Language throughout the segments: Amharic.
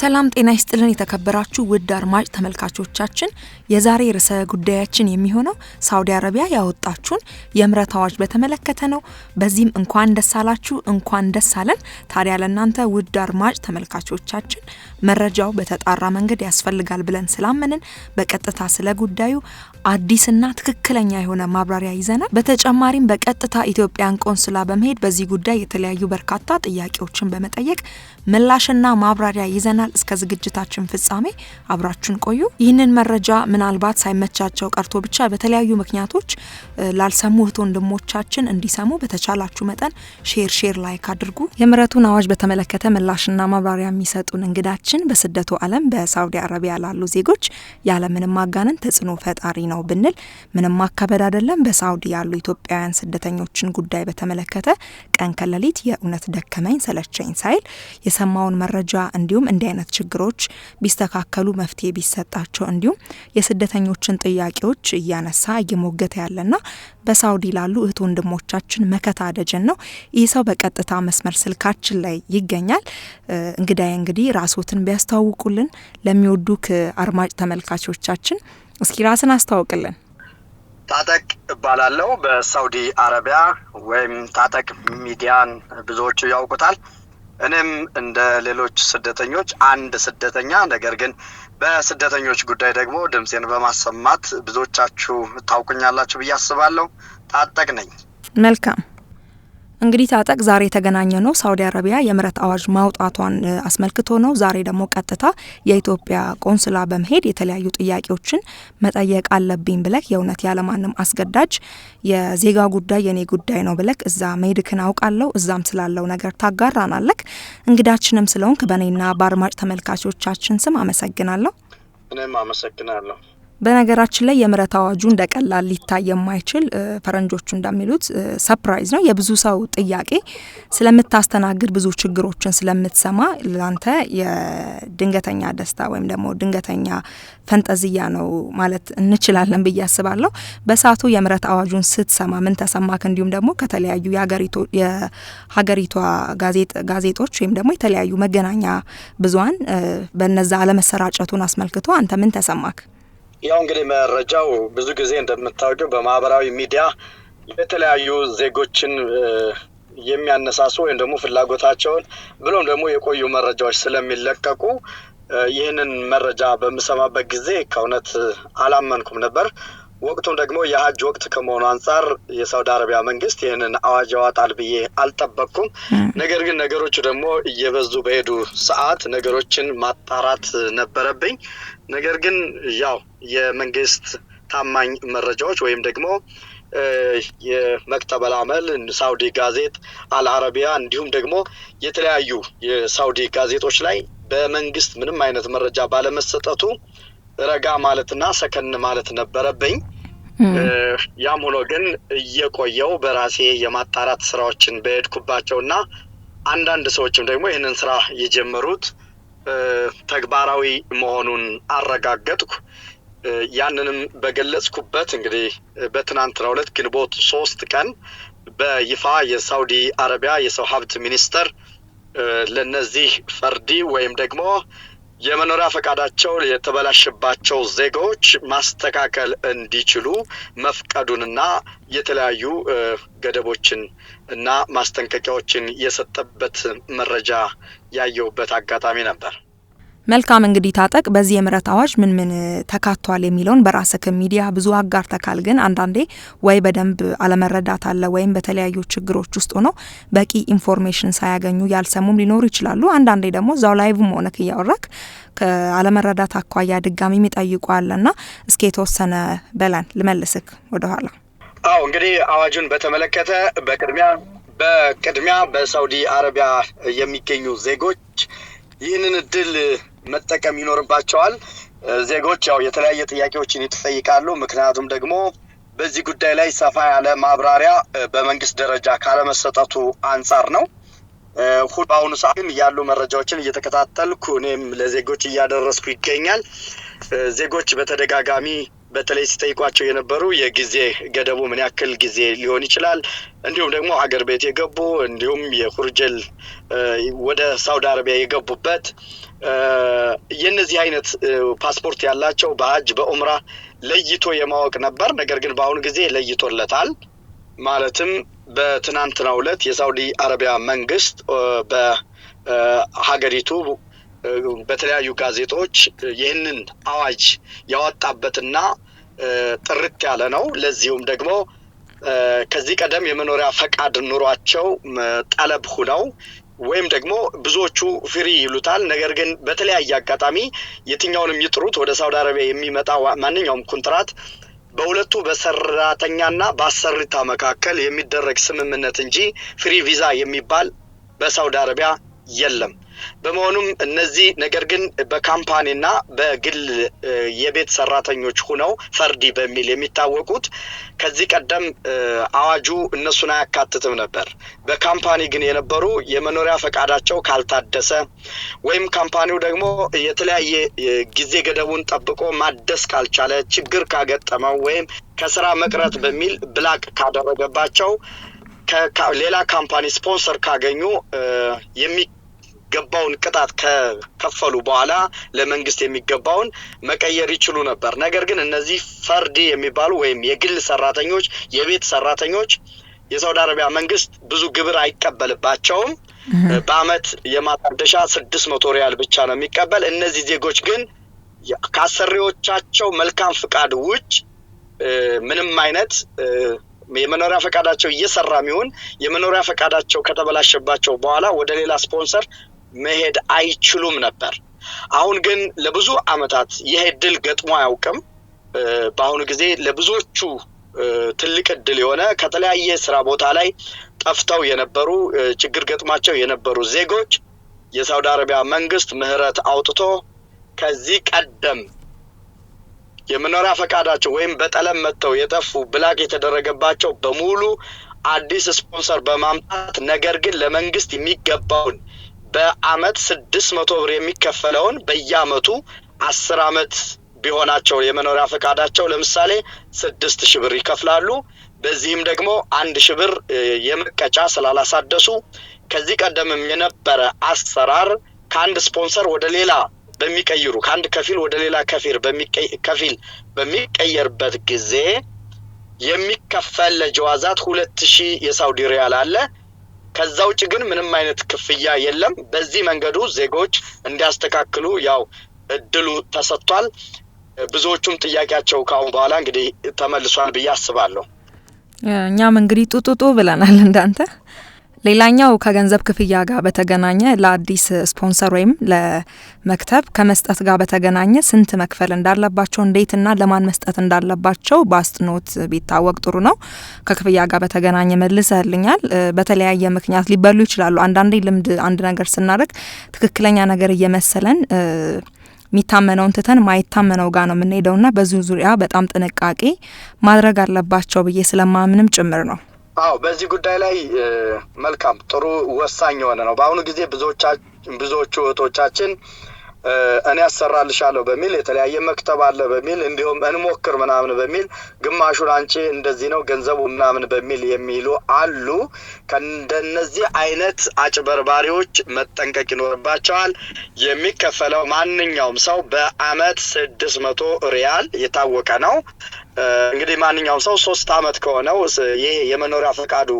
ሰላም ጤና ይስጥልን የተከበራችሁ ውድ አድማጭ ተመልካቾቻችን፣ የዛሬ ርዕሰ ጉዳያችን የሚሆነው ሳውዲ አረቢያ ያወጣችውን የምህረት አዋጅ በተመለከተ ነው። በዚህም እንኳን ደስ አላችሁ እንኳን ደስ አለን። ታዲያ ለእናንተ ውድ አድማጭ ተመልካቾቻችን መረጃው በተጣራ መንገድ ያስፈልጋል ብለን ስላመንን በቀጥታ ስለ ጉዳዩ አዲስና ትክክለኛ የሆነ ማብራሪያ ይዘናል። በተጨማሪም በቀጥታ ኢትዮጵያን ቆንስላ በመሄድ በዚህ ጉዳይ የተለያዩ በርካታ ጥያቄዎችን በመጠየቅ ምላሽና ማብራሪያ ይዘናል። ይሆናል። እስከ ዝግጅታችን ፍጻሜ አብራችን ቆዩ። ይህንን መረጃ ምናልባት ሳይመቻቸው ቀርቶ ብቻ በተለያዩ ምክንያቶች ላልሰሙ እህት ወንድሞቻችን እንዲሰሙ በተቻላችሁ መጠን ሼር ሼር ላይክ አድርጉ። የምህረቱን አዋጅ በተመለከተ ምላሽና ማብራሪያ የሚሰጡን እንግዳችን በስደቱ ዓለም በሳውዲ አረቢያ ላሉ ዜጎች ያለምንም ማጋነን ተጽዕኖ ፈጣሪ ነው ብንል ምንም ማካበድ አይደለም። በሳውዲ ያሉ ኢትዮጵያውያን ስደተኞችን ጉዳይ በተመለከተ ቀን ከሌሊት የእውነት ደከመኝ ሰለቸኝ ሳይል የሰማውን መረጃ እንዲሁም እንዲ አይነት ችግሮች ቢስተካከሉ መፍትሄ ቢሰጣቸው እንዲሁም የስደተኞችን ጥያቄዎች እያነሳ እየሞገተ ያለና በሳውዲ ላሉ እህት ወንድሞቻችን መከታ ደጀን ነው። ይህ ሰው በቀጥታ መስመር ስልካችን ላይ ይገኛል። እንግዳይ እንግዲህ ራስዎትን ቢያስተዋውቁልን ለሚወዱ አድማጭ ተመልካቾቻችን እስኪ ራስን አስተዋውቅልን። ታጠቅ እባላለሁ። በሳውዲ አረቢያ ወይም ታጠቅ ሚዲያን ብዙዎቹ ያውቁታል። እኔም እንደ ሌሎች ስደተኞች አንድ ስደተኛ ነገር ግን በስደተኞች ጉዳይ ደግሞ ድምፄን በማሰማት ብዙዎቻችሁ ታውቁኛላችሁ ብዬ አስባለሁ። ታጠቅ ነኝ። መልካም እንግዲህ ታጠቅ ዛሬ የተገናኘ ነው። ሳውዲ አረቢያ የምህረት አዋጅ ማውጣቷን አስመልክቶ ነው። ዛሬ ደግሞ ቀጥታ የኢትዮጵያ ቆንስላ በመሄድ የተለያዩ ጥያቄዎችን መጠየቅ አለብኝ ብለክ የእውነት ያለማንም አስገዳጅ የዜጋ ጉዳይ የኔ ጉዳይ ነው ብለክ እዛ መሄድክን አውቃለሁ። እዛም ስላለው ነገር ታጋራናለክ። እንግዳችንም ስለሆንክ በእኔና በአድማጭ ተመልካቾቻችን ስም አመሰግናለሁ። እኔም አመሰግናለሁ። በነገራችን ላይ የምረት አዋጁ እንደቀላል ሊታይ የማይችል ፈረንጆቹ እንደሚሉት ሰፕራይዝ ነው። የብዙ ሰው ጥያቄ ስለምታስተናግድ፣ ብዙ ችግሮችን ስለምትሰማ ላንተ የድንገተኛ ደስታ ወይም ደግሞ ድንገተኛ ፈንጠዝያ ነው ማለት እንችላለን ብዬ አስባለሁ። በሰዓቱ የምረት አዋጁን ስትሰማ ምን ተሰማክ? እንዲሁም ደግሞ ከተለያዩ የሀገሪቷ ጋዜጦች ወይም ደግሞ የተለያዩ መገናኛ ብዙሃን በነዛ አለመሰራጨቱን አስመልክቶ አንተ ምን ተሰማክ? ያው እንግዲህ መረጃው ብዙ ጊዜ እንደምታወቀው በማህበራዊ ሚዲያ የተለያዩ ዜጎችን የሚያነሳሱ ወይም ደግሞ ፍላጎታቸውን ብሎም ደግሞ የቆዩ መረጃዎች ስለሚለቀቁ ይህንን መረጃ በምሰማበት ጊዜ ከእውነት አላመንኩም ነበር። ወቅቱም ደግሞ የሀጅ ወቅት ከመሆኑ አንጻር የሳውዲ አረቢያ መንግስት ይህንን አዋጅ ያወጣል ብዬ አልጠበቅኩም። ነገር ግን ነገሮቹ ደግሞ እየበዙ በሄዱ ሰዓት ነገሮችን ማጣራት ነበረብኝ። ነገር ግን ያው የመንግስት ታማኝ መረጃዎች ወይም ደግሞ የመክተበል አመል ሳውዲ ጋዜጥ፣ አልአረቢያ እንዲሁም ደግሞ የተለያዩ የሳውዲ ጋዜጦች ላይ በመንግስት ምንም አይነት መረጃ ባለመሰጠቱ ረጋ ማለትና ሰከን ማለት ነበረብኝ። ያም ሆኖ ግን እየቆየው በራሴ የማጣራት ስራዎችን በሄድኩባቸው እና አንዳንድ ሰዎችም ደግሞ ይህንን ስራ የጀመሩት ተግባራዊ መሆኑን አረጋገጥኩ። ያንንም በገለጽኩበት እንግዲህ በትናንትናው ዕለት ግንቦት ሶስት ቀን በይፋ የሳውዲ አረቢያ የሰው ሀብት ሚኒስቴር ለነዚህ ፈርዲ ወይም ደግሞ የመኖሪያ ፈቃዳቸው የተበላሸባቸው ዜጋዎች ማስተካከል እንዲችሉ መፍቀዱንና የተለያዩ ገደቦችን እና ማስጠንቀቂያዎችን የሰጠበት መረጃ ያየሁበት አጋጣሚ ነበር። መልካም እንግዲህ ታጠቅ በዚህ የምህረት አዋጅ ምን ምን ተካቷል የሚለውን በራስህ ሚዲያ ብዙ አጋር ተካል ግን አንዳንዴ ወይ በደንብ አለመረዳት አለ ወይም በተለያዩ ችግሮች ውስጥ ሆነው በቂ ኢንፎርሜሽን ሳያገኙ ያልሰሙም ሊኖሩ ይችላሉ። አንዳንዴ ደግሞ እዛው ላይቭም ሆነክ እያወራክ ከአለመረዳት አኳያ ድጋሚ የሚጠይቁ ና እስኪ የተወሰነ በላን ልመልስክ ወደኋላ። አዎ እንግዲህ አዋጁን በተመለከተ በቅድሚያ በቅድሚያ በሳውዲ አረቢያ የሚገኙ ዜጎች ይህንን እድል መጠቀም ይኖርባቸዋል። ዜጎች ያው የተለያየ ጥያቄዎችን ይጠይቃሉ። ምክንያቱም ደግሞ በዚህ ጉዳይ ላይ ሰፋ ያለ ማብራሪያ በመንግስት ደረጃ ካለመሰጠቱ አንጻር ነው። ሁሉ በአሁኑ ሰዓት ያሉ መረጃዎችን እየተከታተልኩ እኔም ለዜጎች እያደረስኩ ይገኛል። ዜጎች በተደጋጋሚ በተለይ ሲጠይቋቸው የነበሩ የጊዜ ገደቡ ምን ያክል ጊዜ ሊሆን ይችላል፣ እንዲሁም ደግሞ ሀገር ቤት የገቡ እንዲሁም የኩርጀል ወደ ሳውዲ አረቢያ የገቡበት የነዚህ አይነት ፓስፖርት ያላቸው በሀጅ በኡምራ ለይቶ የማወቅ ነበር። ነገር ግን በአሁኑ ጊዜ ለይቶለታል። ማለትም በትናንትና ሁለት የሳውዲ አረቢያ መንግስት በሀገሪቱ በተለያዩ ጋዜጦች ይህንን አዋጅ ያወጣበትና ጥርት ያለ ነው። ለዚሁም ደግሞ ከዚህ ቀደም የመኖሪያ ፈቃድ ኑሯቸው ጠለብ ሁነው ወይም ደግሞ ብዙዎቹ ፍሪ ይሉታል። ነገር ግን በተለያየ አጋጣሚ የትኛውንም ይጥሩት ወደ ሳውዲ አረቢያ የሚመጣ ማንኛውም ኮንትራት በሁለቱ በሰራተኛና በአሰሪታ መካከል የሚደረግ ስምምነት እንጂ ፍሪ ቪዛ የሚባል በሳውዲ አረቢያ የለም። በመሆኑም እነዚህ ነገር ግን በካምፓኒና በግል የቤት ሰራተኞች ሁነው ፈርዲ በሚል የሚታወቁት ከዚህ ቀደም አዋጁ እነሱን አያካትትም ነበር። በካምፓኒ ግን የነበሩ የመኖሪያ ፈቃዳቸው ካልታደሰ ወይም ካምፓኒው ደግሞ የተለያየ ጊዜ ገደቡን ጠብቆ ማደስ ካልቻለ፣ ችግር ካገጠመው ወይም ከስራ መቅረት በሚል ብላክ ካደረገባቸው ሌላ ካምፓኒ ስፖንሰር ካገኙ የሚ የሚገባውን ቅጣት ከከፈሉ በኋላ ለመንግስት የሚገባውን መቀየር ይችሉ ነበር። ነገር ግን እነዚህ ፈርድ የሚባሉ ወይም የግል ሰራተኞች፣ የቤት ሰራተኞች የሳውዲ አረቢያ መንግስት ብዙ ግብር አይቀበልባቸውም። በአመት የማታደሻ ስድስት መቶ ሪያል ብቻ ነው የሚቀበል። እነዚህ ዜጎች ግን ከአሰሪዎቻቸው መልካም ፍቃድ ውጭ ምንም አይነት የመኖሪያ ፈቃዳቸው እየሰራ የሚሆን የመኖሪያ ፈቃዳቸው ከተበላሸባቸው በኋላ ወደ ሌላ ስፖንሰር መሄድ አይችሉም ነበር። አሁን ግን ለብዙ አመታት ይህ እድል ገጥሞ አያውቅም። በአሁኑ ጊዜ ለብዙዎቹ ትልቅ እድል የሆነ ከተለያየ ስራ ቦታ ላይ ጠፍተው የነበሩ ችግር ገጥሟቸው የነበሩ ዜጎች የሳውዲ አረቢያ መንግስት ምህረት አውጥቶ ከዚህ ቀደም የመኖሪያ ፈቃዳቸው ወይም በጠለም መጥተው የጠፉ ብላክ የተደረገባቸው በሙሉ አዲስ ስፖንሰር በማምጣት ነገር ግን ለመንግስት የሚገባውን በአመት ስድስት መቶ ብር የሚከፈለውን በየአመቱ አስር አመት ቢሆናቸው የመኖሪያ ፈቃዳቸው ለምሳሌ ስድስት ሺ ብር ይከፍላሉ። በዚህም ደግሞ አንድ ሺ ብር የመቀጫ ስላላሳደሱ ከዚህ ቀደምም የነበረ አሰራር ከአንድ ስፖንሰር ወደ ሌላ በሚቀይሩ ከአንድ ከፊል ወደ ሌላ ከፊል ከፊል በሚቀየርበት ጊዜ የሚከፈል ለጀዋዛት ሁለት ሺህ የሳውዲ ሪያል አለ። ከዛ ውጭ ግን ምንም አይነት ክፍያ የለም። በዚህ መንገዱ ዜጎች እንዲያስተካክሉ ያው እድሉ ተሰጥቷል። ብዙዎቹም ጥያቄያቸው ከአሁን በኋላ እንግዲህ ተመልሷል ብዬ አስባለሁ። እኛም እንግዲህ ጡጡጡ ብለናል እንዳንተ ሌላኛው ከገንዘብ ክፍያ ጋር በተገናኘ ለአዲስ ስፖንሰር ወይም ለመክተብ ከመስጠት ጋር በተገናኘ ስንት መክፈል እንዳለባቸው እንዴትና ለማን መስጠት እንዳለባቸው በአጽንኦት ቢታወቅ ጥሩ ነው። ከክፍያ ጋር በተገናኘ መልሰህልኛል። በተለያየ ምክንያት ሊበሉ ይችላሉ። አንዳንዴ ልምድ አንድ ነገር ስናደርግ ትክክለኛ ነገር እየመሰለን የሚታመነውን ትተን ማይታመነው ጋር ነው የምንሄደውና በዙ ዙሪያ በጣም ጥንቃቄ ማድረግ አለባቸው ብዬ ስለማምንም ጭምር ነው። አዎ በዚህ ጉዳይ ላይ መልካም ጥሩ ወሳኝ የሆነ ነው። በአሁኑ ጊዜ ብዙዎቹ እህቶቻችን እኔ አሰራልሻለሁ በሚል የተለያየ መክተብ አለ በሚል እንዲሁም እንሞክር ምናምን በሚል ግማሹን አንቺ እንደዚህ ነው ገንዘቡ ምናምን በሚል የሚሉ አሉ። ከእንደነዚህ አይነት አጭበርባሪዎች መጠንቀቅ ይኖርባቸዋል። የሚከፈለው ማንኛውም ሰው በአመት ስድስት መቶ ሪያል የታወቀ ነው። እንግዲህ ማንኛውም ሰው ሶስት አመት ከሆነው ይህ የመኖሪያ ፈቃዱ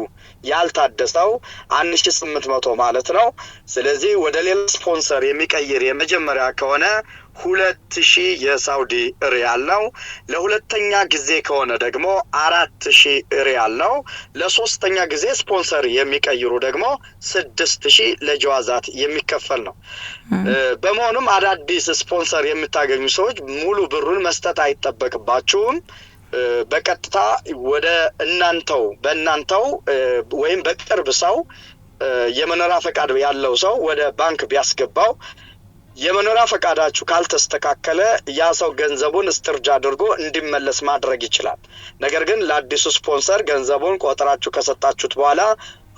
ያልታደሰው አንድ ሺ ስምንት መቶ ማለት ነው። ስለዚህ ወደ ሌላ ስፖንሰር የሚቀይር የመጀመሪያ ከሆነ ሁለት ሺህ የሳውዲ ሪያል ነው። ለሁለተኛ ጊዜ ከሆነ ደግሞ አራት ሺህ ሪያል ነው። ለሶስተኛ ጊዜ ስፖንሰር የሚቀይሩ ደግሞ ስድስት ሺህ ለጀዋዛት የሚከፈል ነው። በመሆኑም አዳዲስ ስፖንሰር የምታገኙ ሰዎች ሙሉ ብሩን መስጠት አይጠበቅባችሁም። በቀጥታ ወደ እናንተው በእናንተው ወይም በቅርብ ሰው የመኖሪያ ፈቃድ ያለው ሰው ወደ ባንክ ቢያስገባው የመኖሪያ ፈቃዳችሁ ካልተስተካከለ ያ ሰው ገንዘቡን እስትርጃ አድርጎ እንዲመለስ ማድረግ ይችላል። ነገር ግን ለአዲሱ ስፖንሰር ገንዘቡን ቆጥራችሁ ከሰጣችሁት በኋላ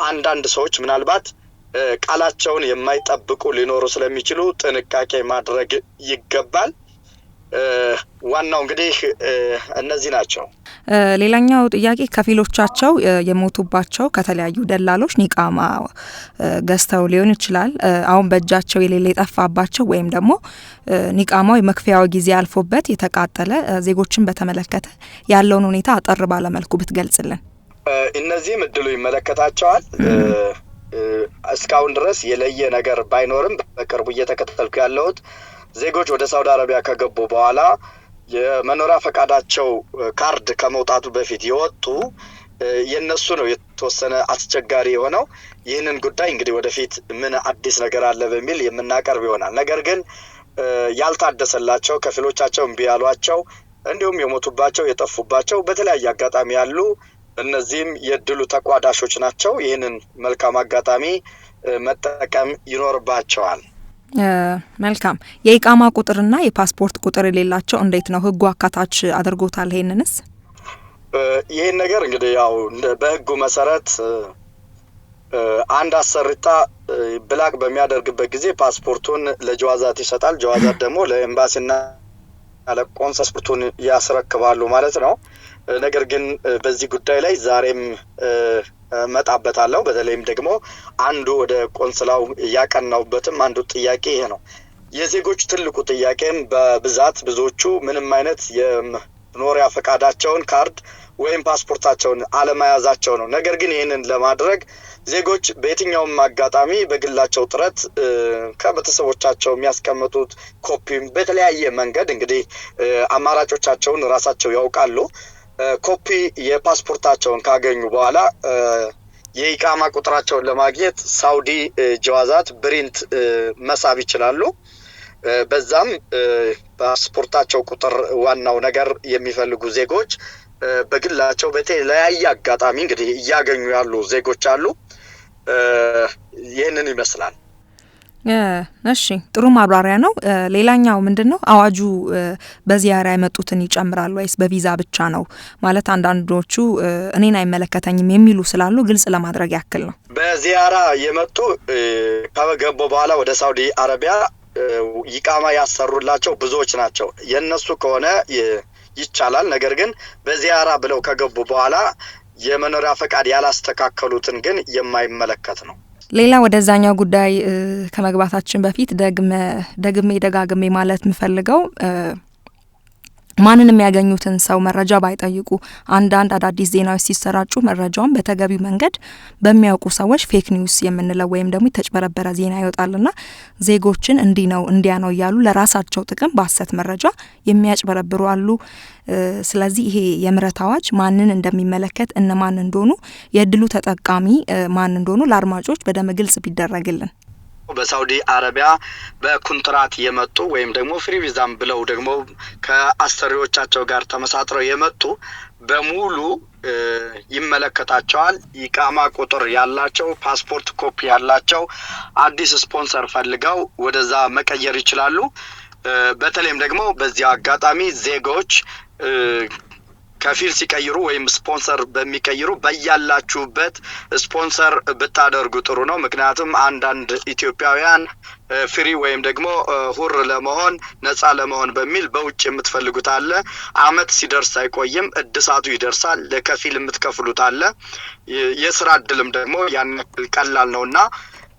አንዳንድ ሰዎች ምናልባት ቃላቸውን የማይጠብቁ ሊኖሩ ስለሚችሉ ጥንቃቄ ማድረግ ይገባል። ዋናው እንግዲህ እነዚህ ናቸው። ሌላኛው ጥያቄ ከፊሎቻቸው የሞቱባቸው ከተለያዩ ደላሎች ኒቃማ ገዝተው ሊሆን ይችላል። አሁን በእጃቸው የሌለ የጠፋባቸው ወይም ደግሞ ኒቃማው የመክፈያው ጊዜ አልፎበት የተቃጠለ ዜጎችን በተመለከተ ያለውን ሁኔታ አጠር ባለመልኩ ብትገልጽልን። እነዚህም እድሉ ይመለከታቸዋል። እስካሁን ድረስ የለየ ነገር ባይኖርም በቅርቡ እየተከተልኩ ያለሁት ዜጎች ወደ ሳውዲ አረቢያ ከገቡ በኋላ የመኖሪያ ፈቃዳቸው ካርድ ከመውጣቱ በፊት የወጡ የነሱ ነው የተወሰነ አስቸጋሪ የሆነው። ይህንን ጉዳይ እንግዲህ ወደፊት ምን አዲስ ነገር አለ በሚል የምናቀርብ ይሆናል። ነገር ግን ያልታደሰላቸው ከፊሎቻቸው እምቢ ያሏቸው፣ እንዲሁም የሞቱባቸው የጠፉባቸው በተለያየ አጋጣሚ ያሉ እነዚህም የድሉ ተቋዳሾች ናቸው። ይህንን መልካም አጋጣሚ መጠቀም ይኖርባቸዋል። መልካም የኢቃማ ቁጥርና የፓስፖርት ቁጥር የሌላቸው እንዴት ነው ህጉ አካታች አድርጎታል? ይሄንንስ ይህን ነገር እንግዲህ ያው በህጉ መሰረት አንድ አሰሪታ ብላክ በሚያደርግበት ጊዜ ፓስፖርቱን ለጀዋዛት ይሰጣል። ጀዋዛት ደግሞ ለኤምባሲና ለቆንሰስፖርቱን ያስረክባሉ ማለት ነው። ነገር ግን በዚህ ጉዳይ ላይ ዛሬም መጣበታለሁ። በተለይም ደግሞ አንዱ ወደ ቆንስላው እያቀናውበትም አንዱ ጥያቄ ይሄ ነው። የዜጎች ትልቁ ጥያቄም በብዛት ብዙዎቹ ምንም አይነት የመኖሪያ ፈቃዳቸውን ካርድ ወይም ፓስፖርታቸውን አለመያዛቸው ነው። ነገር ግን ይህንን ለማድረግ ዜጎች በየትኛውም አጋጣሚ በግላቸው ጥረት ከቤተሰቦቻቸው የሚያስቀምጡት ኮፒም በተለያየ መንገድ እንግዲህ አማራጮቻቸውን ራሳቸው ያውቃሉ። ኮፒ የፓስፖርታቸውን ካገኙ በኋላ የኢቃማ ቁጥራቸውን ለማግኘት ሳውዲ ጀዋዛት ብሪንት መሳብ ይችላሉ። በዛም ፓስፖርታቸው ቁጥር ዋናው ነገር የሚፈልጉ ዜጎች በግላቸው በተለያየ አጋጣሚ እንግዲህ እያገኙ ያሉ ዜጎች አሉ። ይህንን ይመስላል። እሺ ጥሩ ማብራሪያ ነው። ሌላኛው ምንድን ነው አዋጁ በዚያራ የመጡትን ይጨምራል ወይስ በቪዛ ብቻ ነው ማለት አንዳንዶቹ እኔን አይመለከተኝም የሚሉ ስላሉ ግልጽ ለማድረግ ያክል ነው። በዚያራ የመጡ ከገቡ በኋላ ወደ ሳውዲ አረቢያ ይቃማ ያሰሩላቸው ብዙዎች ናቸው። የነሱ ከሆነ ይቻላል። ነገር ግን በዚያራ ብለው ከገቡ በኋላ የመኖሪያ ፈቃድ ያላስተካከሉትን ግን የማይመለከት ነው። ሌላ ወደዛኛው ጉዳይ ከመግባታችን በፊት ደግሜ ደግሜ ደጋግሜ ማለት የምፈልገው ማንን የሚያገኙትን ሰው መረጃ ባይጠይቁ አንዳንድ አዳዲስ ዜናዎች ሲሰራጩ መረጃውን በተገቢው መንገድ በሚያውቁ ሰዎች ፌክ ኒውስ የምንለው ወይም ደግሞ የተጭበረበረ ዜና ይወጣልና ዜጎችን እንዲህ ነው እንዲያ ነው እያሉ ለራሳቸው ጥቅም በሀሰት መረጃ የሚያጭበረብሩ አሉ። ስለዚህ ይሄ የምህረት አዋጅ ማንን እንደሚመለከት እነማን እንደሆኑ የእድሉ ተጠቃሚ ማን እንደሆኑ ለአድማጮች በደንብ ግልጽ ቢደረግልን በሳውዲ አረቢያ በኩንትራት የመጡ ወይም ደግሞ ፍሪ ቪዛም ብለው ደግሞ ከአሰሪዎቻቸው ጋር ተመሳጥረው የመጡ በሙሉ ይመለከታቸዋል። ኢቃማ ቁጥር ያላቸው፣ ፓስፖርት ኮፒ ያላቸው አዲስ ስፖንሰር ፈልገው ወደዛ መቀየር ይችላሉ። በተለይም ደግሞ በዚህ አጋጣሚ ዜጎች ከፊል ሲቀይሩ ወይም ስፖንሰር በሚቀይሩ በያላችሁበት ስፖንሰር ብታደርጉ ጥሩ ነው። ምክንያቱም አንዳንድ ኢትዮጵያውያን ፍሪ ወይም ደግሞ ሁር ለመሆን ነፃ ለመሆን በሚል በውጭ የምትፈልጉት አለ። አመት ሲደርስ አይቆይም፣ እድሳቱ ይደርሳል። ለከፊል የምትከፍሉት አለ። የስራ እድልም ደግሞ ያን ቀላል ነው እና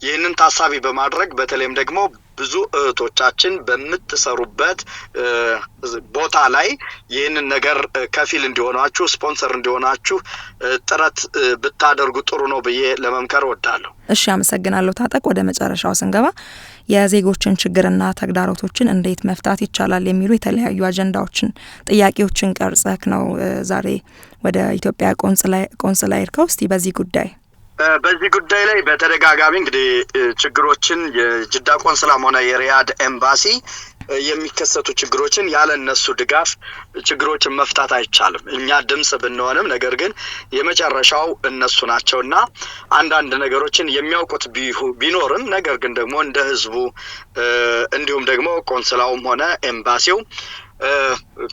ይህንን ታሳቢ በማድረግ በተለይም ደግሞ ብዙ እህቶቻችን በምትሰሩበት ቦታ ላይ ይህንን ነገር ከፊል እንዲሆናችሁ ስፖንሰር እንዲሆናችሁ ጥረት ብታደርጉ ጥሩ ነው ብዬ ለመምከር እወዳለሁ። እሺ፣ አመሰግናለሁ ታጠቅ። ወደ መጨረሻው ስንገባ የዜጎችን ችግርና ተግዳሮቶችን እንዴት መፍታት ይቻላል የሚሉ የተለያዩ አጀንዳዎችን፣ ጥያቄዎችን ቀርጸክ ነው ዛሬ ወደ ኢትዮጵያ ቆንስላ እስቲ በዚህ ጉዳይ በዚህ ጉዳይ ላይ በተደጋጋሚ እንግዲህ ችግሮችን የጅዳ ቆንስላም ሆነ የሪያድ ኤምባሲ የሚከሰቱ ችግሮችን ያለ እነሱ ድጋፍ ችግሮችን መፍታት አይቻልም። እኛ ድምፅ ብንሆንም ነገር ግን የመጨረሻው እነሱ ናቸው እና አንዳንድ ነገሮችን የሚያውቁት ቢኖርም ነገር ግን ደግሞ እንደ ህዝቡ እንዲሁም ደግሞ ቆንስላውም ሆነ ኤምባሲው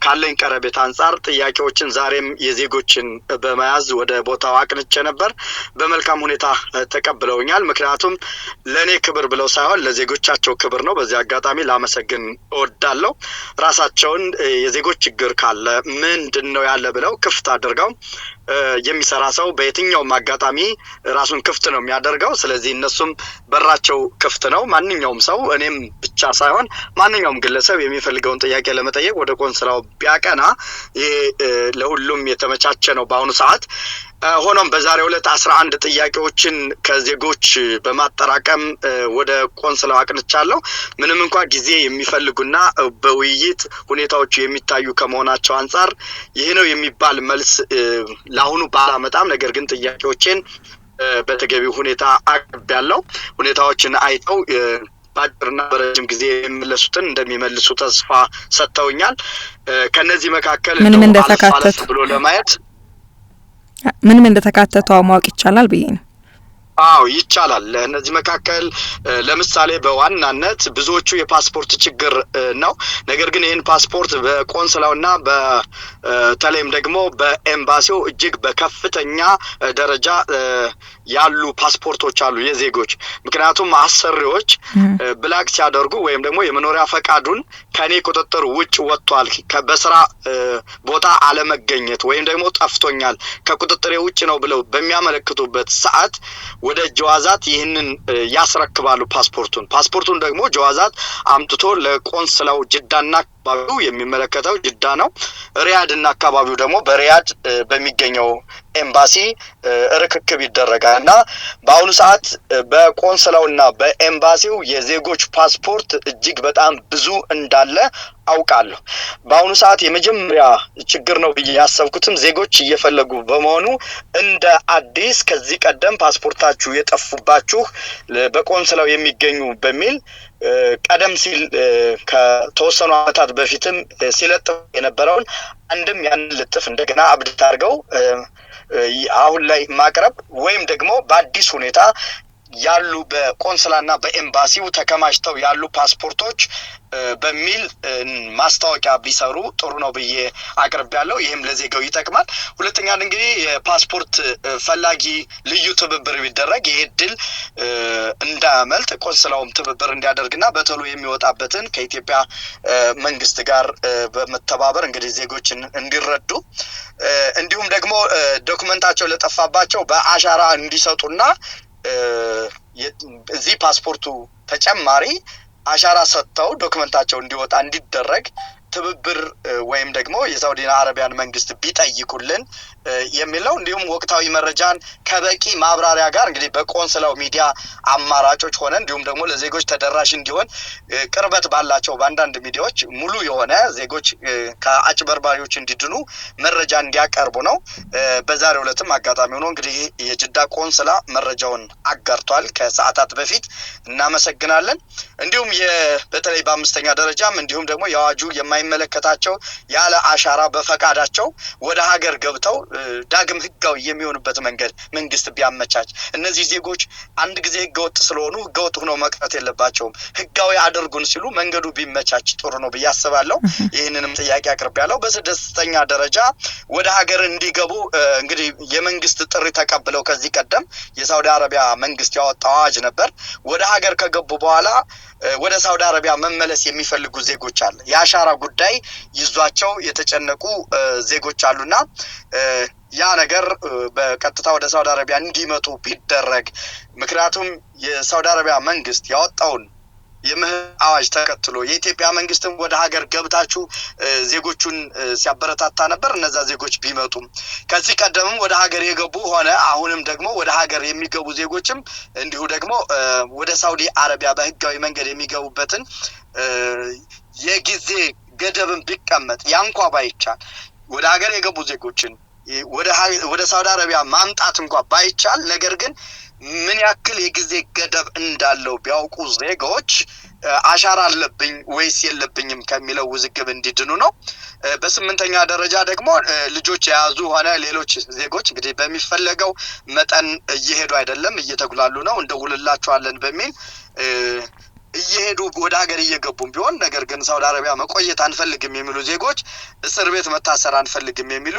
ካለኝ ቀረቤት አንጻር ጥያቄዎችን ዛሬም የዜጎችን በመያዝ ወደ ቦታው አቅንቼ ነበር። በመልካም ሁኔታ ተቀብለውኛል። ምክንያቱም ለእኔ ክብር ብለው ሳይሆን ለዜጎቻቸው ክብር ነው። በዚህ አጋጣሚ ላመሰግን እወዳለሁ። ራሳቸውን የዜጎች ችግር ካለ ምንድን ነው ያለ ብለው ክፍት አድርገው የሚሰራ ሰው በየትኛውም አጋጣሚ ራሱን ክፍት ነው የሚያደርገው። ስለዚህ እነሱም በራቸው ክፍት ነው። ማንኛውም ሰው እኔም ብቻ ሳይሆን ማንኛውም ግለሰብ የሚፈልገውን ጥያቄ ለመጠየቅ ወደ ቆንስላው ቢያቀና ይሄ ለሁሉም የተመቻቸ ነው በአሁኑ ሰዓት። ሆኖም በዛሬ ሁለት አስራ አንድ ጥያቄዎችን ከዜጎች በማጠራቀም ወደ ቆንስላው አቅንቻለሁ። ምንም እንኳ ጊዜ የሚፈልጉና በውይይት ሁኔታዎቹ የሚታዩ ከመሆናቸው አንጻር ይህ ነው የሚባል መልስ ለአሁኑ ባላመጣም፣ ነገር ግን ጥያቄዎችን በተገቢው ሁኔታ ያለው ሁኔታዎችን አይተው በአጭርና በረጅም ጊዜ የሚመለሱትን እንደሚመልሱ ተስፋ ሰጥተውኛል። ከነዚህ መካከል ምንም እንደተካተቱ ብሎ ለማየት ምንም እንደተካተቱ ማወቅ ይቻላል ብዬ ነው። አዎ ይቻላል። እነዚህ መካከል ለምሳሌ በዋናነት ብዙዎቹ የፓስፖርት ችግር ነው። ነገር ግን ይህን ፓስፖርት በቆንስላውና በተለይም ደግሞ በኤምባሲው እጅግ በከፍተኛ ደረጃ ያሉ ፓስፖርቶች አሉ የዜጎች። ምክንያቱም አሰሪዎች ብላክ ሲያደርጉ ወይም ደግሞ የመኖሪያ ፈቃዱን ከኔ ቁጥጥር ውጭ ወጥቷል፣ በስራ ቦታ አለመገኘት ወይም ደግሞ ጠፍቶኛል፣ ከቁጥጥሬ ውጭ ነው ብለው በሚያመለክቱበት ሰዓት ወደ ጀዋዛት ይህንን ያስረክባሉ ፓስፖርቱን። ፓስፖርቱን ደግሞ ጀዋዛት አምጥቶ ለቆንስላው ጅዳና አካባቢው የሚመለከተው ጅዳ ነው። ሪያድ እና አካባቢው ደግሞ በሪያድ በሚገኘው ኤምባሲ ርክክብ ይደረጋል እና በአሁኑ ሰዓት በቆንስላው እና በኤምባሲው የዜጎች ፓስፖርት እጅግ በጣም ብዙ እንዳለ አውቃለሁ። በአሁኑ ሰዓት የመጀመሪያ ችግር ነው ብዬ ያሰብኩትም ዜጎች እየፈለጉ በመሆኑ እንደ አዲስ ከዚህ ቀደም ፓስፖርታችሁ የጠፉባችሁ በቆንስላው የሚገኙ በሚል ቀደም ሲል ከተወሰኑ ዓመታት በፊትም ሲለጥፍ የነበረውን አንድም ያንን ልጥፍ እንደገና አብድት አድርገው አሁን ላይ ማቅረብ ወይም ደግሞ በአዲስ ሁኔታ ያሉ በቆንስላና በኤምባሲው ተከማችተው ያሉ ፓስፖርቶች በሚል ማስታወቂያ ቢሰሩ ጥሩ ነው ብዬ አቅርብ ያለው ይህም ለዜጋው ይጠቅማል። ሁለተኛ እንግዲህ የፓስፖርት ፈላጊ ልዩ ትብብር ቢደረግ ይሄ ድል እንዳያመልጥ ቆንስላውም ትብብር እንዲያደርግና በቶሎ የሚወጣበትን ከኢትዮጵያ መንግስት ጋር በመተባበር እንግዲህ ዜጎችን እንዲረዱ እንዲሁም ደግሞ ዶክመንታቸው ለጠፋባቸው በአሻራ እንዲሰጡና እዚህ ፓስፖርቱ ተጨማሪ አሻራ ሰጥተው ዶክመንታቸው እንዲወጣ እንዲደረግ ትብብር ወይም ደግሞ የሳውዲ አረቢያን መንግስት ቢጠይቁልን የሚል ነው። እንዲሁም ወቅታዊ መረጃን ከበቂ ማብራሪያ ጋር እንግዲህ በቆንስላው ሚዲያ አማራጮች ሆነ እንዲሁም ደግሞ ለዜጎች ተደራሽ እንዲሆን ቅርበት ባላቸው በአንዳንድ ሚዲያዎች ሙሉ የሆነ ዜጎች ከአጭበርባሪዎች እንዲድኑ መረጃ እንዲያቀርቡ ነው። በዛሬው ዕለትም አጋጣሚ ሆኖ እንግዲህ የጅዳ ቆንስላ መረጃውን አጋርቷል ከሰዓታት በፊት እናመሰግናለን። እንዲሁም በተለይ በአምስተኛ ደረጃም እንዲሁም ደግሞ የአዋጁ የማይመለከታቸው ያለ አሻራ በፈቃዳቸው ወደ ሀገር ገብተው ዳግም ህጋዊ የሚሆንበት መንገድ መንግስት ቢያመቻች። እነዚህ ዜጎች አንድ ጊዜ ህገወጥ ስለሆኑ ህገወጥ ሆነው መቅረት የለባቸውም። ህጋዊ አድርጉን ሲሉ መንገዱ ቢመቻች ጥሩ ነው ብዬ አስባለሁ። ይህንንም ጥያቄ አቅርብ ያለው በስድስተኛ ደረጃ ወደ ሀገር እንዲገቡ እንግዲህ የመንግስት ጥሪ ተቀብለው ከዚህ ቀደም የሳውዲ አረቢያ መንግስት ያወጣው አዋጅ ነበር። ወደ ሀገር ከገቡ በኋላ ወደ ሳውዲ አረቢያ መመለስ የሚፈልጉ ዜጎች አለ የአሻራ ጉዳይ ይዟቸው የተጨነቁ ዜጎች አሉና ያ ነገር በቀጥታ ወደ ሳውዲ አረቢያ እንዲመጡ ቢደረግ ምክንያቱም የሳውዲ አረቢያ መንግስት ያወጣውን የምህር አዋጅ ተከትሎ የኢትዮጵያ መንግስትም ወደ ሀገር ገብታችሁ ዜጎቹን ሲያበረታታ ነበር። እነዛ ዜጎች ቢመጡም ከዚህ ቀደምም ወደ ሀገር የገቡ ሆነ አሁንም ደግሞ ወደ ሀገር የሚገቡ ዜጎችም እንዲሁ ደግሞ ወደ ሳውዲ አረቢያ በህጋዊ መንገድ የሚገቡበትን የጊዜ ገደብን ቢቀመጥ ያንኳ ባይቻል ወደ ሀገር የገቡ ዜጎችን ወደ ሳውዲ አረቢያ ማምጣት እንኳ ባይቻል፣ ነገር ግን ምን ያክል የጊዜ ገደብ እንዳለው ቢያውቁ ዜጋዎች አሻራ አለብኝ ወይስ የለብኝም ከሚለው ውዝግብ እንዲድኑ ነው። በስምንተኛ ደረጃ ደግሞ ልጆች የያዙ ሆነ ሌሎች ዜጎች እንግዲህ በሚፈለገው መጠን እየሄዱ አይደለም፣ እየተጉላሉ ነው። እንደውልላቸዋለን በሚል እየሄዱ ወደ ሀገር እየገቡም ቢሆን ነገር ግን ሳውዲ አረቢያ መቆየት አንፈልግም የሚሉ ዜጎች እስር ቤት መታሰር አንፈልግም የሚሉ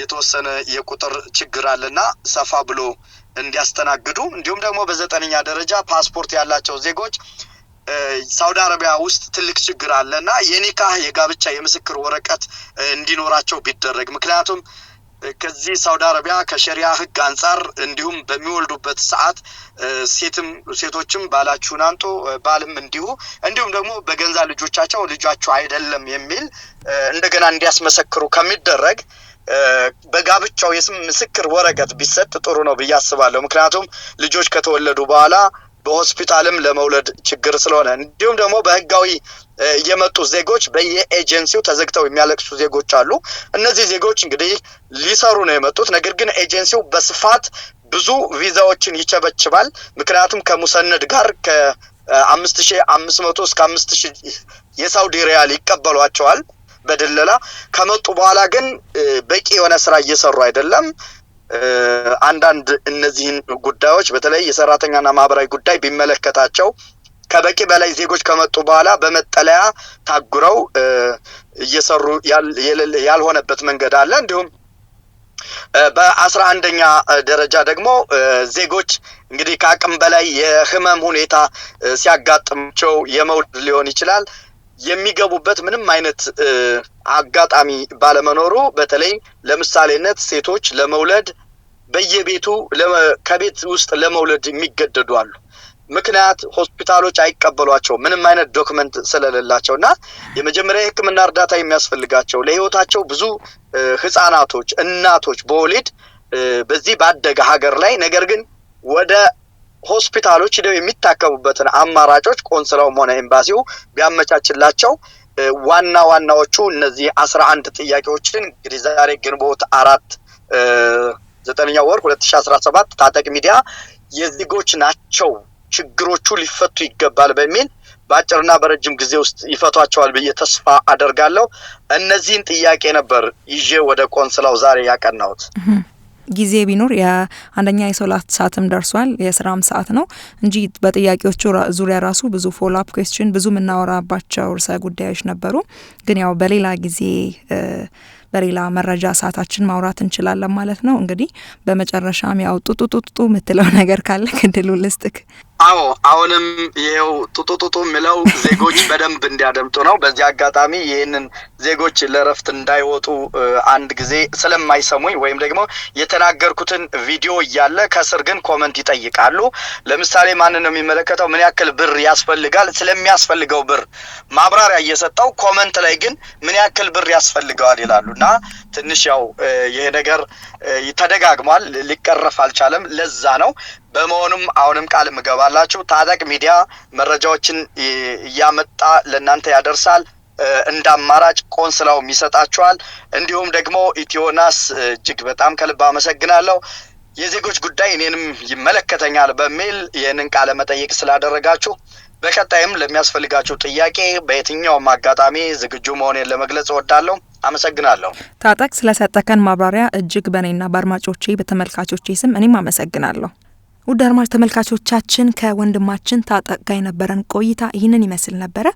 የተወሰነ የቁጥር ችግር አለና ሰፋ ብሎ እንዲያስተናግዱ እንዲሁም ደግሞ በዘጠነኛ ደረጃ ፓስፖርት ያላቸው ዜጎች ሳውዲ አረቢያ ውስጥ ትልቅ ችግር አለ የኒካህ የጋብቻ የምስክር ወረቀት እንዲኖራቸው ቢደረግ ምክንያቱም ከዚህ ሳውዲ አረቢያ ከሸሪያ ህግ አንጻር እንዲሁም በሚወልዱበት ሰዓት ሴትም ሴቶችም ባላችሁን አንጦ ባልም እንዲሁ እንዲሁም ደግሞ በገንዛ ልጆቻቸው ልጃችሁ አይደለም የሚል እንደገና እንዲያስመሰክሩ ከሚደረግ በጋብቻው የስም ምስክር ወረቀት ቢሰጥ ጥሩ ነው ብዬ አስባለሁ። ምክንያቱም ልጆች ከተወለዱ በኋላ በሆስፒታልም ለመውለድ ችግር ስለሆነ እንዲሁም ደግሞ በህጋዊ የመጡ ዜጎች በየኤጀንሲው ተዘግተው የሚያለቅሱ ዜጎች አሉ። እነዚህ ዜጎች እንግዲህ ሊሰሩ ነው የመጡት። ነገር ግን ኤጀንሲው በስፋት ብዙ ቪዛዎችን ይቸበችባል። ምክንያቱም ከሙሰነድ ጋር ከአምስት ሺህ አምስት መቶ እስከ አምስት ሺህ የሳውዲ ሪያል ይቀበሏቸዋል። በድለላ ከመጡ በኋላ ግን በቂ የሆነ ስራ እየሰሩ አይደለም። አንዳንድ እነዚህን ጉዳዮች በተለይ የሰራተኛና ማህበራዊ ጉዳይ ቢመለከታቸው ከበቂ በላይ ዜጎች ከመጡ በኋላ በመጠለያ ታጉረው እየሰሩ ያልሆነበት መንገድ አለ። እንዲሁም በአስራ አንደኛ ደረጃ ደግሞ ዜጎች እንግዲህ ከአቅም በላይ የህመም ሁኔታ ሲያጋጥማቸው የመውደድ ሊሆን ይችላል የሚገቡበት ምንም አይነት አጋጣሚ ባለመኖሩ በተለይ ለምሳሌነት ሴቶች ለመውለድ በየቤቱ ከቤት ውስጥ ለመውለድ የሚገደዱ አሉ። ምክንያት ሆስፒታሎች አይቀበሏቸው ምንም አይነት ዶክመንት ስለሌላቸው እና የመጀመሪያ የሕክምና እርዳታ የሚያስፈልጋቸው ለህይወታቸው ብዙ ህፃናቶች እናቶች በወሊድ በዚህ ባደገ ሀገር ላይ ነገር ግን ወደ ሆስፒታሎች ሂደው የሚታከሙበትን አማራጮች ቆንስላውም ሆነ ኤምባሲው ቢያመቻችላቸው ዋና ዋናዎቹ እነዚህ አስራ አንድ ጥያቄዎችን እንግዲህ ዛሬ ግንቦት አራት ዘጠነኛው ወር ሁለት ሺ አስራ ሰባት ታጠቅ ሚዲያ የዜጎች ናቸው ችግሮቹ ሊፈቱ ይገባል በሚል በአጭርና በረጅም ጊዜ ውስጥ ይፈቷቸዋል ብዬ ተስፋ አደርጋለሁ። እነዚህን ጥያቄ ነበር ይዤ ወደ ቆንስላው ዛሬ ያቀናሁት። ጊዜ ቢኖር የአንደኛ የሶላት ሰዓትም ደርሷል። የስራም ሰዓት ነው እንጂ በጥያቄዎቹ ዙሪያ ራሱ ብዙ ፎሎአፕ ኩዌስችን ብዙ የምናወራባቸው ርዕሰ ጉዳዮች ነበሩ። ግን ያው በሌላ ጊዜ በሌላ መረጃ ሰዓታችን ማውራት እንችላለን ማለት ነው። እንግዲህ በመጨረሻም ያው ጡጡጡጡ የምትለው ነገር ካለ ክድሉ ልስጥክ። አዎ አሁንም ይሄው ጡጡጡጡ የሚለው ዜጎች በደንብ እንዲያደምጡ ነው። በዚህ አጋጣሚ ይህንን ዜጎች ለእረፍት እንዳይወጡ አንድ ጊዜ ስለማይሰሙኝ ወይም ደግሞ የተናገርኩትን ቪዲዮ እያለ ከስር ግን ኮመንት ይጠይቃሉ። ለምሳሌ ማንን ነው የሚመለከተው? ምን ያክል ብር ያስፈልጋል? ስለሚያስፈልገው ብር ማብራሪያ እየሰጠው ኮመንት ላይ ግን ምን ያክል ብር ያስፈልገዋል ይላሉ እና ትንሽ ያው ይሄ ነገር ተደጋግሟል፣ ሊቀረፍ አልቻለም። ለዛ ነው በመሆኑም አሁንም ቃል ምገባላችሁ ታጠቅ ሚዲያ መረጃዎችን እያመጣ ለእናንተ ያደርሳል። እንደ አማራጭ ቆንስላውም ይሰጣችኋል። እንዲሁም ደግሞ ኢትዮናስ እጅግ በጣም ከልብ አመሰግናለሁ። የዜጎች ጉዳይ እኔንም ይመለከተኛል በሚል ይህንን ቃለ መጠይቅ ስላደረጋችሁ በቀጣይም ለሚያስፈልጋችሁ ጥያቄ በየትኛውም አጋጣሚ ዝግጁ መሆኔን ለመግለጽ እወዳለሁ። አመሰግናለሁ። ታጠቅ ስለሰጠከን ማብራሪያ እጅግ በእኔና በአድማጮቼ በተመልካቾቼ ስም እኔም አመሰግናለሁ። ውድ አድማጭ ተመልካቾቻችን ከወንድማችን ታጠቅ ጋር የነበረን ቆይታ ይህንን ይመስል ነበረ።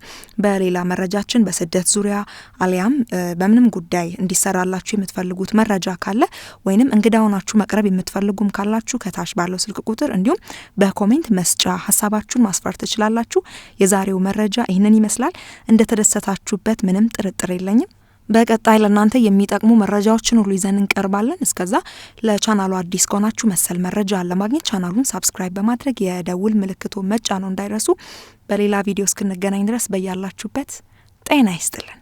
በሌላ መረጃችን በስደት ዙሪያ አሊያም በምንም ጉዳይ እንዲሰራላችሁ የምትፈልጉት መረጃ ካለ ወይንም እንግዳ ሆናችሁ መቅረብ የምትፈልጉም ካላችሁ ከታች ባለው ስልክ ቁጥር እንዲሁም በኮሜንት መስጫ ሀሳባችሁን ማስፈር ትችላላችሁ። የዛሬው መረጃ ይህንን ይመስላል። እንደተደሰታችሁበት ምንም ጥርጥር የለኝም። በቀጣይ ለእናንተ የሚጠቅሙ መረጃዎችን ሁሉ ይዘን እንቀርባለን። እስከዛ ለቻናሉ አዲስ ከሆናችሁ መሰል መረጃ ለማግኘት ቻናሉን ሳብስክራይብ በማድረግ የደውል ምልክቱ ነው እንዳይረሱ። በሌላ ቪዲዮ እስክንገናኝ ድረስ በያላችሁበት ጤና ይስጥልን።